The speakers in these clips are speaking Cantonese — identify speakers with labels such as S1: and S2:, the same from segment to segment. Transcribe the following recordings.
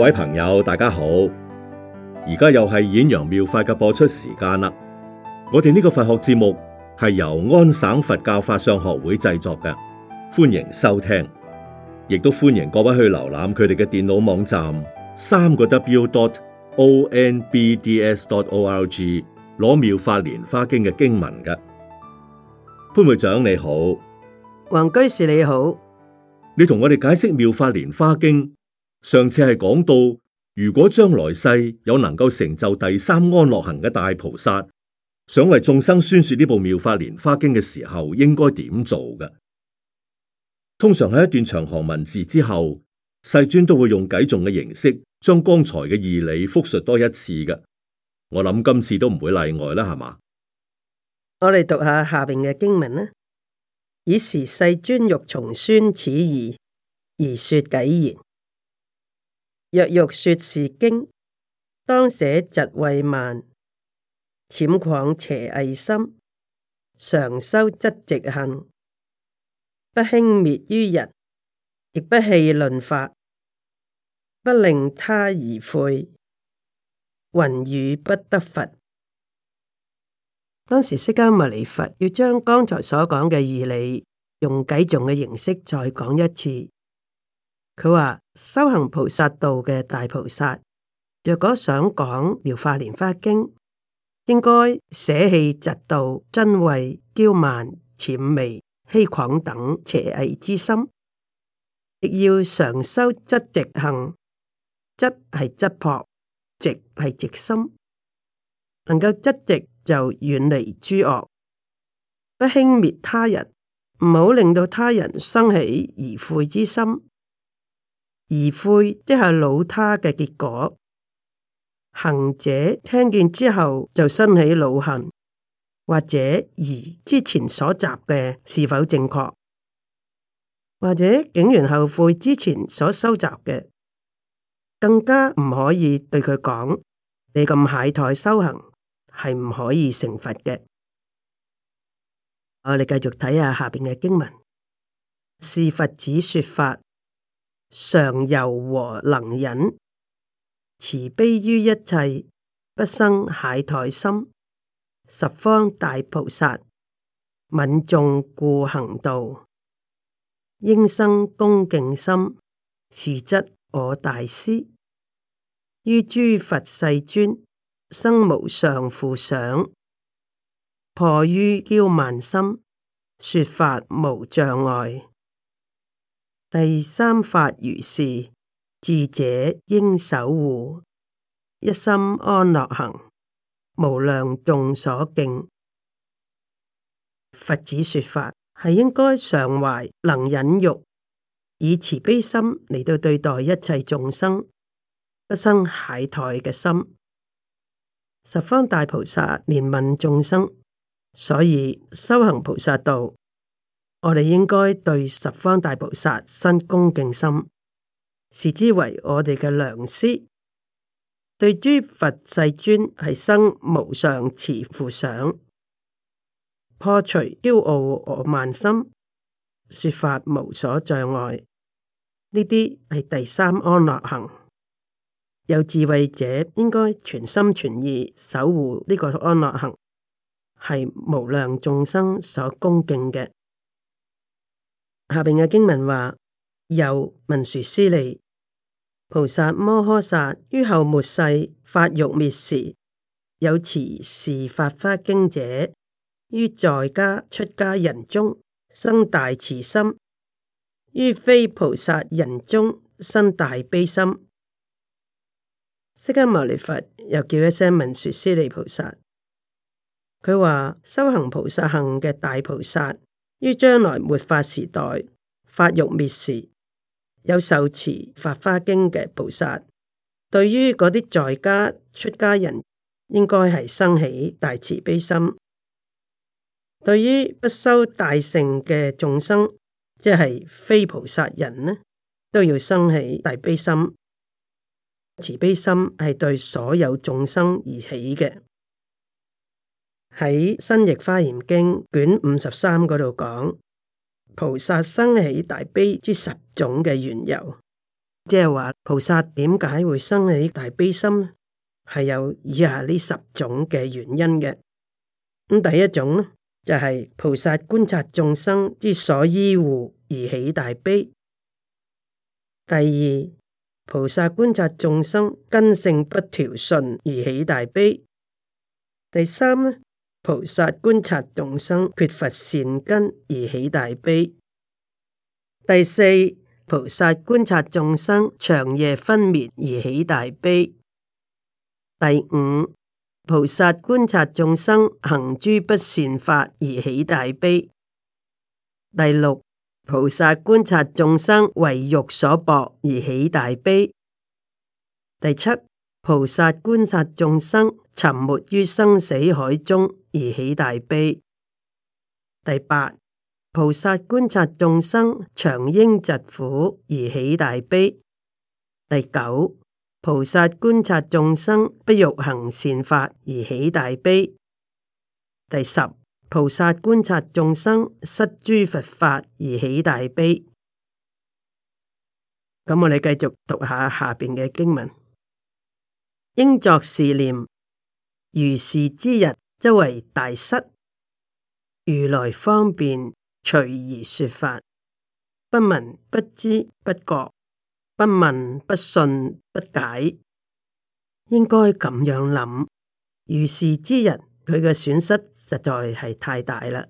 S1: 各位朋友，大家好！而家又係演揚妙法嘅播出時間啦。我哋呢個佛學節目係由安省佛教法相學會製作嘅，歡迎收聽，亦都歡迎各位去瀏覽佢哋嘅電腦網站三個 W dot O N B D S dot O L G 攞妙法蓮花經嘅經文嘅。潘會長你好，黃居士你好，你同我哋解釋妙法蓮花經。上次係講到，如果將來世有能夠成就第三安樂行嘅大菩薩，想為眾生宣說呢部妙法蓮華經嘅時候，應該點做㗎？通常喺一段長行文字之後，世尊都會用偈頌嘅形式，將剛才嘅義理複述多一次㗎。我諗今次都唔會例外啦，係嘛？
S2: 我哋讀下下邊嘅經文啦。爾時世尊欲重宣此義，而說偈言。若欲說是經，當捨嫉恚慢，諂誑邪偽心，常修質直行，不輕蔑於人，亦不戲論法，不令他疑悔，云汝不得佛。當時釋迦牟尼佛要將剛才所講嘅義理，用偈誦嘅形式再講一次。佢話修行菩薩道嘅大菩薩，若果想講《妙法蓮華經》，應該捨棄嫉妒、瞋恚、驕慢、諂媚、欺誑等邪偽之心，亦要常修質直行。質係質朴，直係直心。能夠質直就遠離諸惡，不輕蔑他人，唔好令到他人生起疑悔之心。而悔即係惱他嘅結果，行者聽見之後就生起惱恨，或者疑之前所習嘅是否正確，或者竟然後悔之前所收集嘅，更加唔可以對佢講你咁懈怠修行係唔可以成佛嘅。我哋繼續睇下下面嘅經文，是佛子說法。常柔和能忍，慈悲於一切，不生懈怠心。十方大菩薩，愍眾故行道，應生恭敬心。是則我大師，於諸佛世尊生無上父想，破於驕慢心，說法無障礙。第三法如是，智者應守護一心安樂行，無量眾所敬。佛子說法係應該常懷能忍辱，以慈悲心嚟到對待一切眾生，不生懈怠嘅心。十方大菩薩憐憫眾生，所以修行菩薩道。我哋應該對十方大菩薩生恭敬心，視之為我哋嘅良師；對諸佛世尊係生無上慈父想，破除驕傲和慢心，說法無所障礙。呢啲係第三安樂行。有智慧者應該全心全意守護呢個安樂行，係無量眾生所恭敬嘅。下面嘅經文話：有文殊師利菩薩摩訶薩於後末世法欲滅時，有持是法華經者，於在家出家人中生大慈心，於非菩薩人中生大悲心。釋迦牟尼佛又叫一聲文殊師利菩薩，佢話修行菩薩行嘅大菩薩。於將來末法時代，法欲滅時，有受持《法花經》嘅菩薩，對於嗰啲在家出家人，應該係生起大慈悲心；對於不修大乘嘅眾生，即係非菩薩人呢，都要生起大悲心。慈悲心係對所有眾生而起嘅。喺新譯華嚴經卷五十三嗰度講菩薩生起大悲之十種嘅緣由，即係話菩薩點解會生起大悲心，係有以下呢十種嘅原因嘅。咁第一種呢，就係、是、菩薩觀察眾生之所依怙而起大悲；第二，菩薩觀察眾生根性不調順而起大悲；第三呢？菩薩觀察眾生缺乏善根而起大悲。第四，菩薩觀察眾生長夜分滅而起大悲。第五，菩薩觀察眾生行諸不善法而起大悲。第六，菩薩觀察眾生為欲所縛而起大悲。第七，菩薩觀察眾生沉沒於生死海中而起大悲。第八，菩薩觀察眾生長嬰疾苦而起大悲。第九，菩薩觀察眾生不欲行善法而起大悲。第十，菩薩觀察眾生失諸佛法而起大悲。咁我哋繼續讀下下邊嘅經文。應作是念，如是之人則為大失。如來方便隨而說法，不聞不知不覺，不問不信不解，應該咁樣諗。如是之人，佢嘅損失實在係太大啦。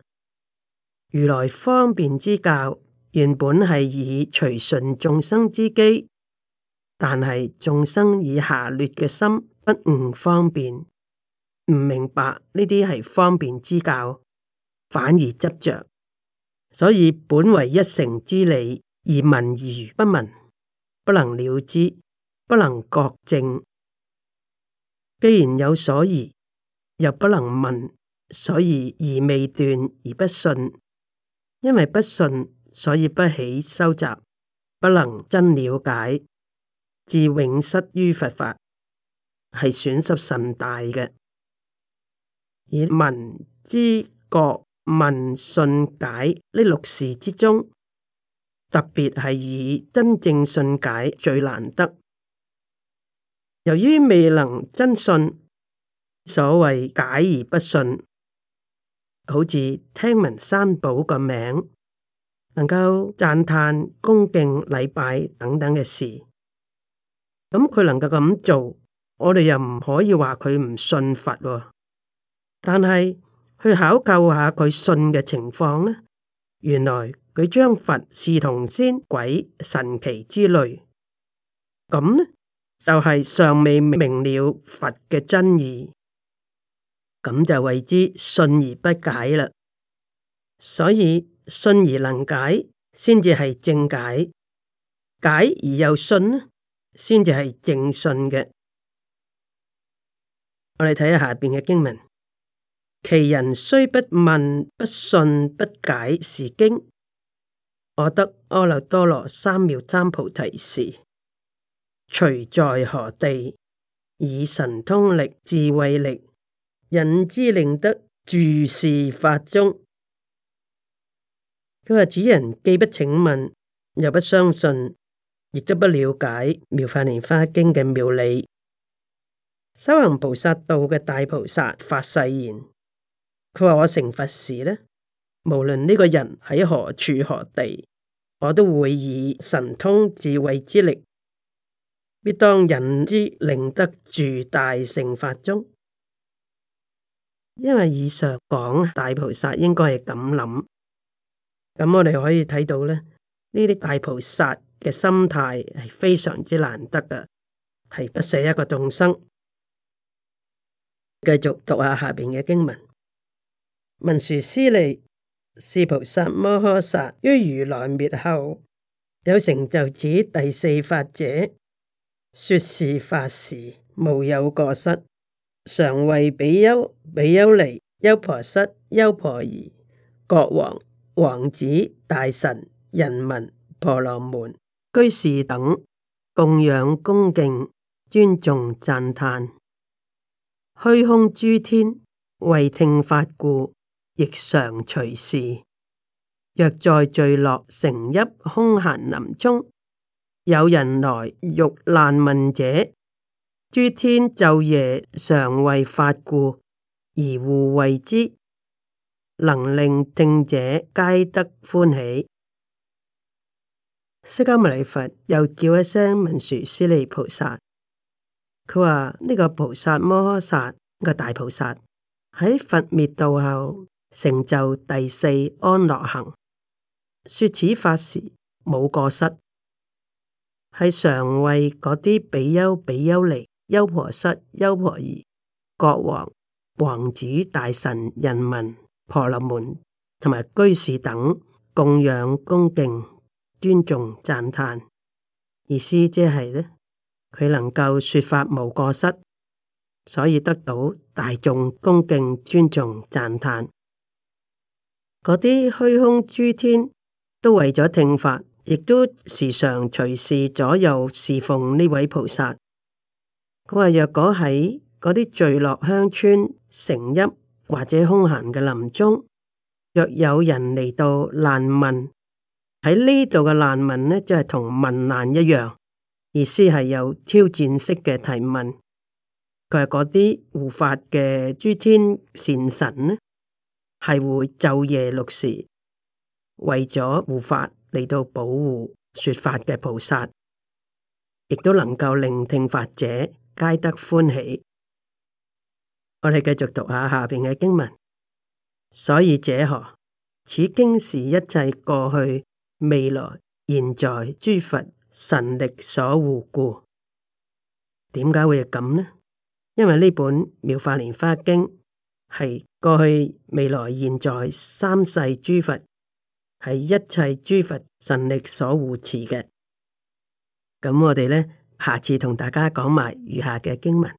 S2: 如來方便之教，原本係以隨順眾生之機。但係眾生以下劣嘅心，不悟方便，唔明白呢啲係方便之教，反而執着。所以本為一成一乘之理而聞而不聞，不能了知，不能覺正。既然有所疑，又不能問，所以疑未斷，而不信。因為不信，所以不起收集，不能真了解。至永失於佛法，係損失甚大嘅。而聞、知覺、聞、信解呢六事之中，特別係以真正信解最難得。由於未能真信，所謂解而不信，好似聽聞三寶個名，能夠讚歎、恭敬、禮拜等等嘅事。咁佢能夠咁做，我哋又唔可以話佢唔信佛，哦，但係去考究下佢信嘅情況呢？原來佢將佛視同仙、鬼、神奇之類，咁呢就係、是、尚未明了佛嘅真義，咁就為之信而不解啦。所以信而能解，先至係正解；解而又信先至係正信嘅，我哋睇下下邊嘅經文。其人雖不問、不信、不解是經，我得阿耨多羅三藐三菩提時，隨在何地，以神通力、智慧力、引之令得住是法中。佢話：此人既不請問，又不相信。亦都不了解《妙法蓮華經》嘅妙理，修行菩薩道嘅大菩薩發誓言：佢話我成佛時呢，無論呢個人喺何處何地，我都會以神通智慧之力，必當人之令得住大乘法中。因為以上講大菩薩應該係咁諗，咁我哋可以睇到咧，呢啲大菩薩。嘅心態係非常之難得㗎，係不捨一個眾生。繼續讀下下邊嘅經文：文殊師利，是菩薩摩訶薩，於如來滅後有成就此第四法者，說是法時無有過失，常為比丘、比丘尼、優婆塞、優婆夷、國王、王子、大臣、人民、婆羅門。居士等供養恭敬尊重讚歎，虛空諸天為聽法故，亦常隨侍。若在聚落城邑空閑林中，有人來欲難問者，諸天晝夜常為法故而護衛之，能令聽者皆得歡喜。釋迦牟尼佛又叫一聲文殊師利菩薩，佢話呢個菩薩摩訶薩，呢個大菩薩喺佛滅道後成就第四安樂行，說此法時冇過失，係常為嗰啲比丘、比丘尼、優婆塞、優婆夷、國王、王子、大臣、人民、婆羅門同埋居士等供養恭敬。尊重讚嘆意思即係呢，佢能夠說法無過失，所以得到大眾恭敬、尊重、讚嘆。嗰啲虛空諸天都為咗聽法，亦都時常隨時左右侍奉呢位菩薩。佢話若果喺嗰啲聚落鄉村、城邑或者空閒嘅林中，若有人嚟到難問。喺呢度嘅難問呢，就係、是、同問難一樣，意思係有挑戰式嘅提問。佢係嗰啲護法嘅諸天善神呢，係會晝夜六時為咗護法嚟到保護說法嘅菩薩，亦都能夠令聽法者皆得歡喜。我哋繼續讀下下面嘅經文。所以者何？此經是一切過去、未來、現在、諸佛神力所護故，點解會係咁呢？因為呢本《妙法蓮花經》係過去、未來、現在三世諸佛，係一切諸佛神力所護持嘅。咁我哋呢，下次同大家講埋餘下嘅經文。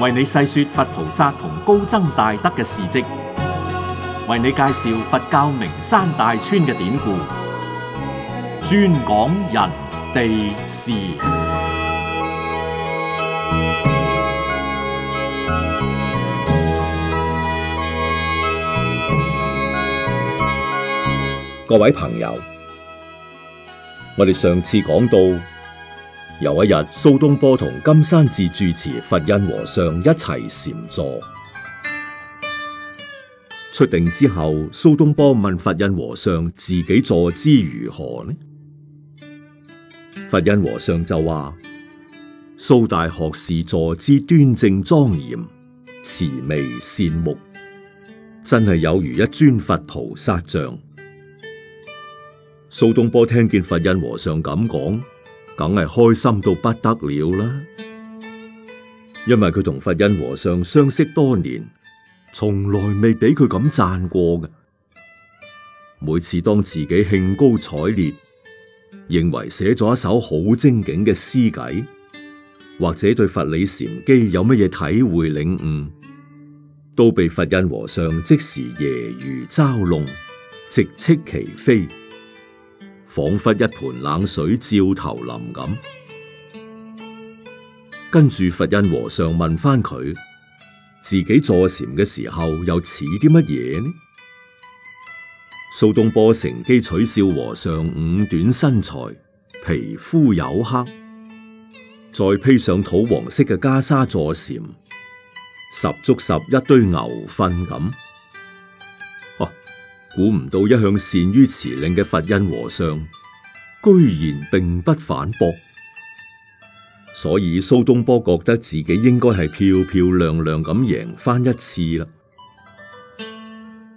S1: 為你細說佛菩薩、同高僧大德嘅事跡，為你介紹佛教名山大川嘅典故，專講人地事。各位朋友，我哋上次講到。有一日，蘇東坡同金山寺住持佛印和尚一齊禪坐。出定之後，蘇東坡問佛印和尚：自己坐姿如何呢？佛印和尚就話：蘇大學士坐姿端正莊嚴，慈眉善目，真係有如一尊佛，佛菩薩像。蘇東坡聽見佛印和尚咁講。梗係開心到不得了啦，因為佢同佛印和尚相，相識多年，從來未俾佢咁讚過嘅。每次當自己興高采烈，認為寫咗一首好精警嘅詩偈，或者對佛理禪機有乜嘢體會領悟，都被佛印和尚即時揶揄嘲弄，直斥其非。仿佛一盆冷水照頭淋咁，跟住佛印和尚問翻佢：自己坐禪嘅時候又似啲乜嘢呢？蘇東坡乘機取笑和尚五短身材、皮膚黝黑，再披上土黃色嘅袈裟坐禪，十足十一堆牛糞咁。估唔到一向善於辭令嘅佛印和尚，居然並不反駁，所以蘇東坡覺得自己應該係漂漂亮亮咁贏翻一次啦。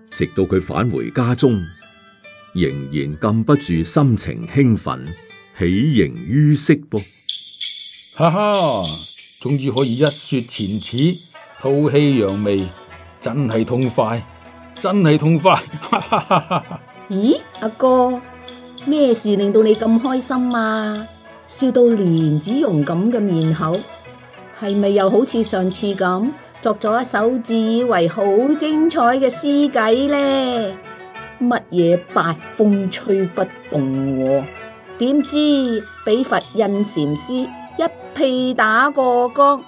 S1: 直到佢返回家中，仍然禁不住心情興奮，喜形於色噃，哈哈，終於可以一雪前恥，
S3: 吐氣揚眉，真係痛快！真係痛快！
S4: 咦，阿哥，咩事令到你咁開心啊？笑到蓮子蓉咁嘅面口，係咪又好似上次咁作咗一首自以為好精彩嘅詩偈呢？乜嘢，八風吹不動，點知俾佛印禪師一屁打過江，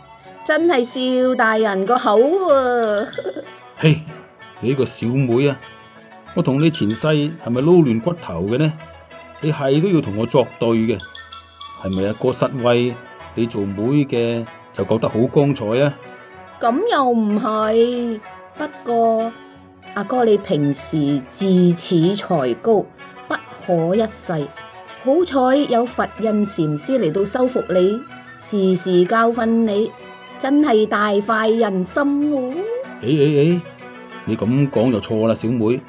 S4: 真係笑大人個口喎！嘿。
S3: 你個小妹啊，我同你前世係咪撈亂骨頭嘅呢？你係都要同我作對嘅，係咪阿哥失威，你做妹嘅就覺得好光彩啊？
S4: 咁又唔係，不過阿哥，哥你平時自恃才高，不可一世，好彩有佛印禪師嚟到收服你，時時教訓你，真係大快人心哦！
S3: 誒誒誒！欸欸你咁講就錯啦，小妹。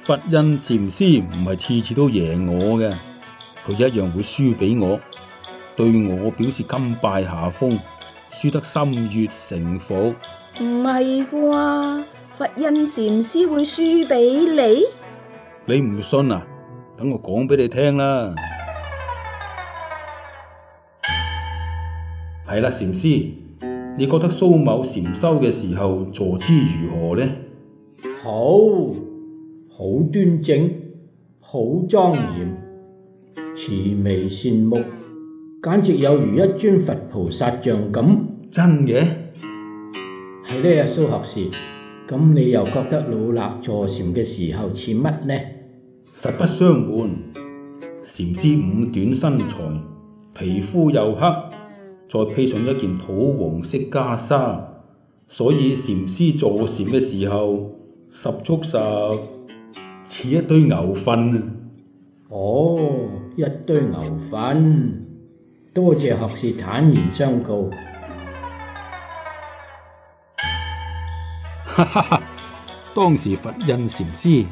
S3: 佛印禪師唔係次次都贏我嘅，佢一樣會輸俾我，對我表示甘拜下風，輸得心悅誠服。
S4: 唔係啩？佛印禪師會輸俾你？
S3: 你唔信啊？等我講俾你聽啦。係啦，禪師，你覺得蘇某禪修嘅時候坐姿如何呢？好好端正，好莊嚴，慈眉善目，簡直有如一尊佛菩薩像咁。真嘅的？係呢，阿蘇學士，咁你又覺得老衲坐禪嘅時候似乜呢？實不相瞞，禪師五短身材，皮膚又黑，再披上一件土黃色袈裟，所以禪師坐禪嘅時候，十足十似一堆牛糞哦，一堆牛糞，多謝學士坦然相告。哈哈哈！當時佛印禪師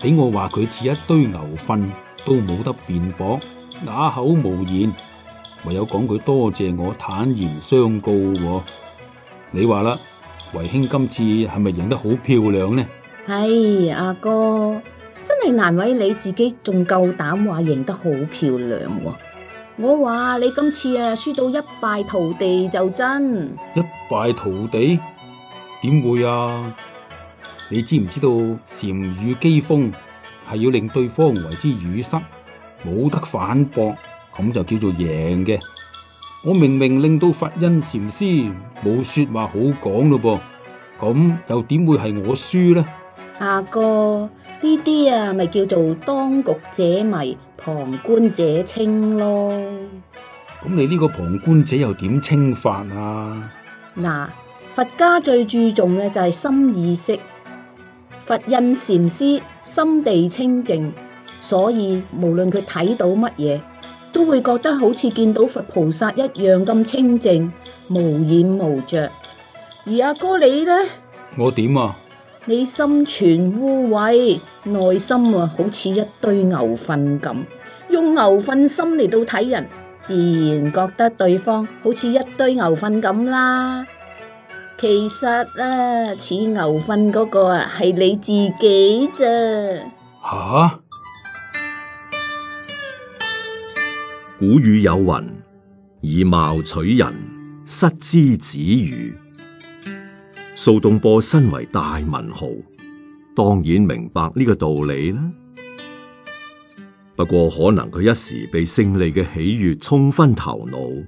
S3: 俾我話佢似一堆牛糞，都冇得辯駁，啞口無言，唯有講句：「多謝我坦然相告喎。」你話啦？為兄今次係咪贏得好漂亮呢？
S4: 係阿、哎、哥，真係難為你自己，仲夠膽話贏得好漂亮喎！我話你今次啊，輸到一敗塗地就真。
S3: 一敗塗地？點會啊？你知唔知道，禪語機鋒係要令對方為之語塞，冇得反駁，咁就叫做贏嘅。我明明令到佛印禪師冇說話好講咯噃，咁又點會係我輸呢？
S4: 阿哥呢啲啊，咪、啊、叫做當局者迷，旁觀者清咯。
S3: 咁、嗯、你呢個旁觀者又點清法啊？
S4: 嗱、啊，佛家最注重嘅就係心意識。佛印禪師心地清淨，所以無論佢睇到乜嘢。都會覺得好似見到佛菩薩一樣咁清淨無染無着，而阿哥你呢，我點啊？你心存污穢，內心啊好似一堆牛糞咁，用牛糞心嚟到睇人，自然覺得對方好似一堆牛糞咁啦。其實啊，似牛糞嗰個啊係你自己啫
S3: 吓？
S1: 古語有云：以貌取人，失之子羽。蘇東坡身為大文豪，當然明白呢個道理啦。不過可能佢一時被勝利嘅喜悅沖昏頭腦，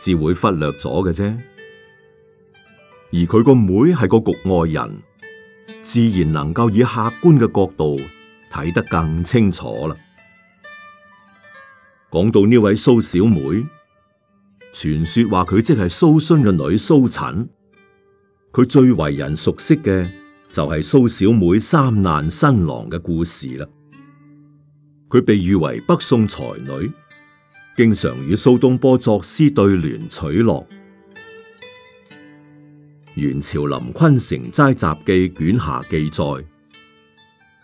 S1: 至會忽略咗嘅啫。而佢個妹係個局外人，自然能夠以客觀嘅角度睇得更清楚啦。講到呢位蘇小妹，傳說話佢即係蘇洵嘅女蘇洵，佢最為人熟悉嘅就係、是、蘇小妹三難新郎嘅故事啦。佢被譽為北宋才女，經常與蘇東坡作詩對聯取樂。元朝林坤《誠齋雜記》卷下記載，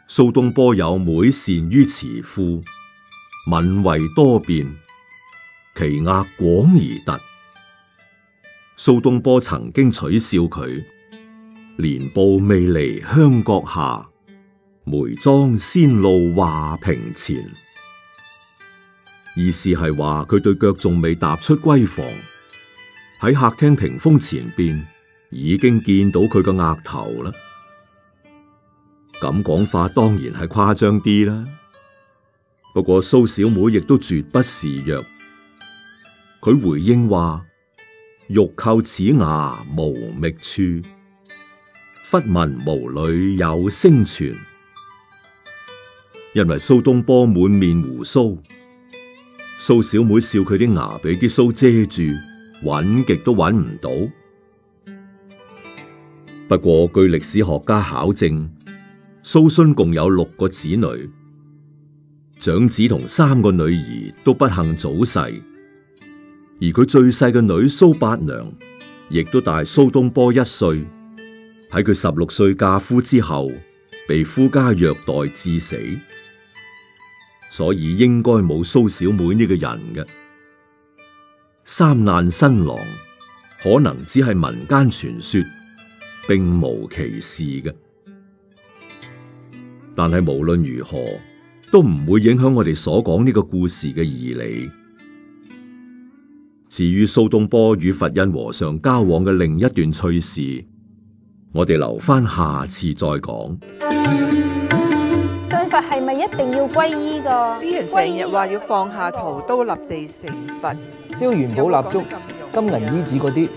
S1: 蘇東坡有妹善於詞賦。」文慧多變，其額廣而突。蘇東坡曾經取笑佢：蓮步未離香閣下，梅妝先露畫屏前。意思係話佢對腳仲未踏出閨房，喺客廳屏風前邊已經見到佢嘅額頭啦。咁講法當然係誇張啲啦。不過蘇小妹亦都絕不示弱，佢回應話：欲叩齒牙無覓處，忽聞毛裏有聲傳。因為蘇東坡滿面鬍鬚，蘇小妹笑佢啲牙俾啲鬚遮住，揾極都揾唔到。不過據歷史學家考證，蘇洵共有六個子女。長子同三個女兒都不幸早逝，而佢最細嘅女蘇八娘，亦都大蘇東坡一歲。喺佢十六歲嫁夫之後，被夫家虐待致死，所以應該冇蘇小妹呢個人嘅。三難新郎可能只係民間傳說，並無其事嘅。但係無論如何。都唔會影響我哋所講呢個故事嘅義理。至於蘇東坡與佛印和尚交往嘅另一段趣事，我哋留翻下，下次再講。
S4: 信佛係咪一定要皈依噶？成日話要放下屠刀立地成
S1: 佛，燒元寶蠟燭、有有金銀衣紙嗰啲，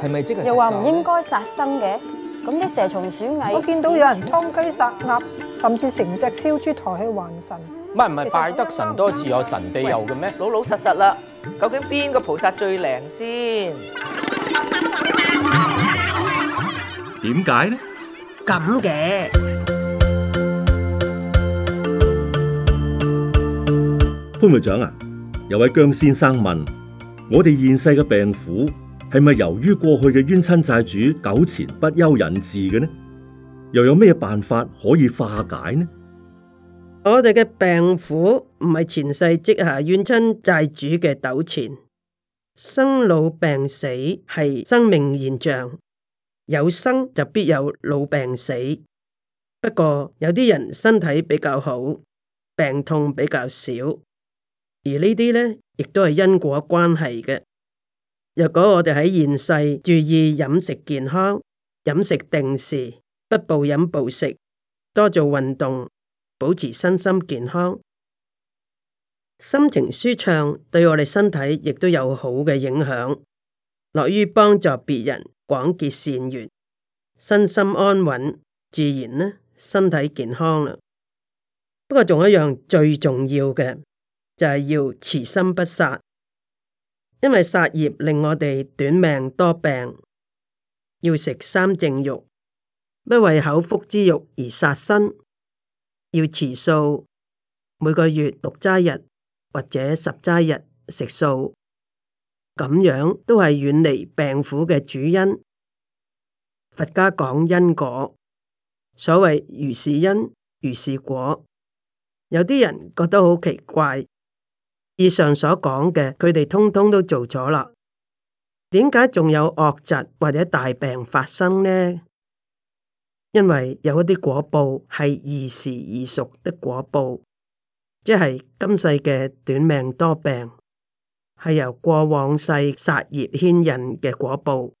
S1: 係咪、啊、即係？又話唔
S4: 應該殺生嘅？咁啲蛇蟲鼠蟻，我見到有人劏雞殺鴨，甚至成隻燒豬抬去還神。
S1: 唔係唔係，拜得神多自有神庇佑嘅咩？老老實實啦，究竟邊個菩薩最靈先？點解呢？
S2: 咁嘅
S1: 潘會長啊，有位姜先生問我哋現世嘅病苦。係咪由於過去嘅冤親債主糾
S2: 纏不休引致嘅呢？又有咩辦法可以化解呢？我哋嘅病苦唔係前世積下冤親債主嘅糾纏，生老病死係生命現象，有生就必有老病死。不過有啲人身體比較好，病痛比較少，而呢啲咧亦都係因果關係嘅。若果我哋喺現世注意飲食健康、飲食定時，不暴飲暴食，多做運動，保持身心健康，心情舒暢，對我哋身體亦都有好嘅影響。樂於幫助別人，廣結善緣，身心安穩，自然呢身體健康啦。不過仲一樣最重要嘅就係、是、要慈心不殺。因為殺業令我哋短命多病，要食三淨肉，不為口腹之欲而殺生，要持素，每個月六齋日或者十齋日食素，咁樣都係遠離病苦嘅主因。佛家講因果，所謂如是因，如是果，有啲人覺得好奇怪。以上所講嘅，佢哋通通都做咗啦。點解仲有惡疾或者大病發生呢？因為有一啲果報係異時異熟的果報，即係今世嘅短命多病，係由過往世殺業牽引嘅果報。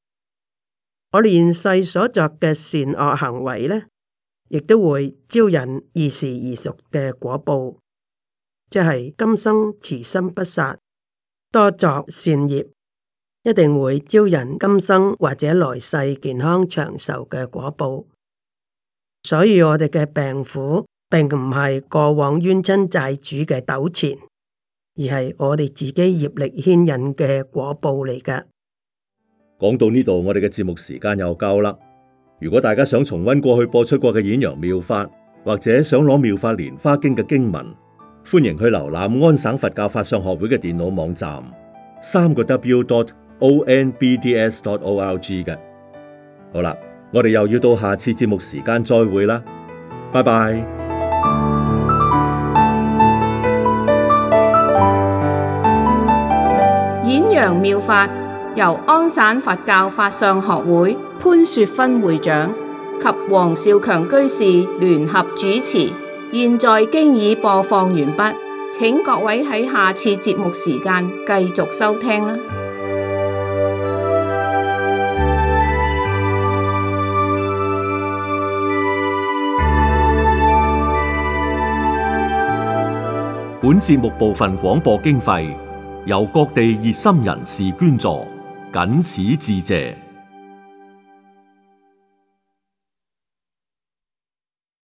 S2: 我現世所作嘅善惡行為呢，亦都會招引異時異熟嘅果報。即係今生慈心不殺，多作善業，一定會招引今生或者來世健康長壽嘅果報。所以我哋嘅病苦，並唔係過往冤親債主嘅糾纏，而係我哋自己業力牽引嘅果報嚟㗎。講
S1: 到呢度，我哋嘅節目時間又夠啦。如果大家想重温過去播出過嘅《演揚妙法》，或者想攞《妙法蓮花經》嘅經文。歡迎去瀏覽安省佛教法相學會嘅電腦網站，三個 w.dot.onbds.dot.org 嘅。好啦，我哋又要到下次節目時間再會啦，拜拜。
S4: 演揚妙法由安省佛教法相學會潘雪芬會長及黃兆強居士聯合主持。現在經已播放完畢，請各位喺下次節目時間繼續收聽啦。
S1: 本節目部分廣播經費由各地熱心人士捐助，謹此致謝。